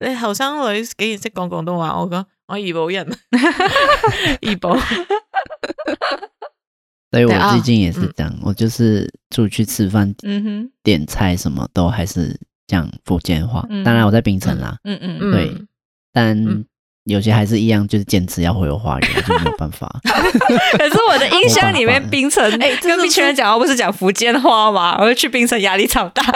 你後生女竟然識講廣東話，我講我怡保人，怡保。所以我最近也是這樣， 我就是出去吃飯，嗯哼，點菜什麼都還是講福建話、嗯。當然我在檳城啦，嗯嗯，嗯嗯，對，但有些還是一樣，就是堅持要回華語， 就沒有辦法。 可是我的印象裏面，檳城誒，這個檳城人講，話、欸、不是講、欸、福建話嗎？我去檳城壓力超大。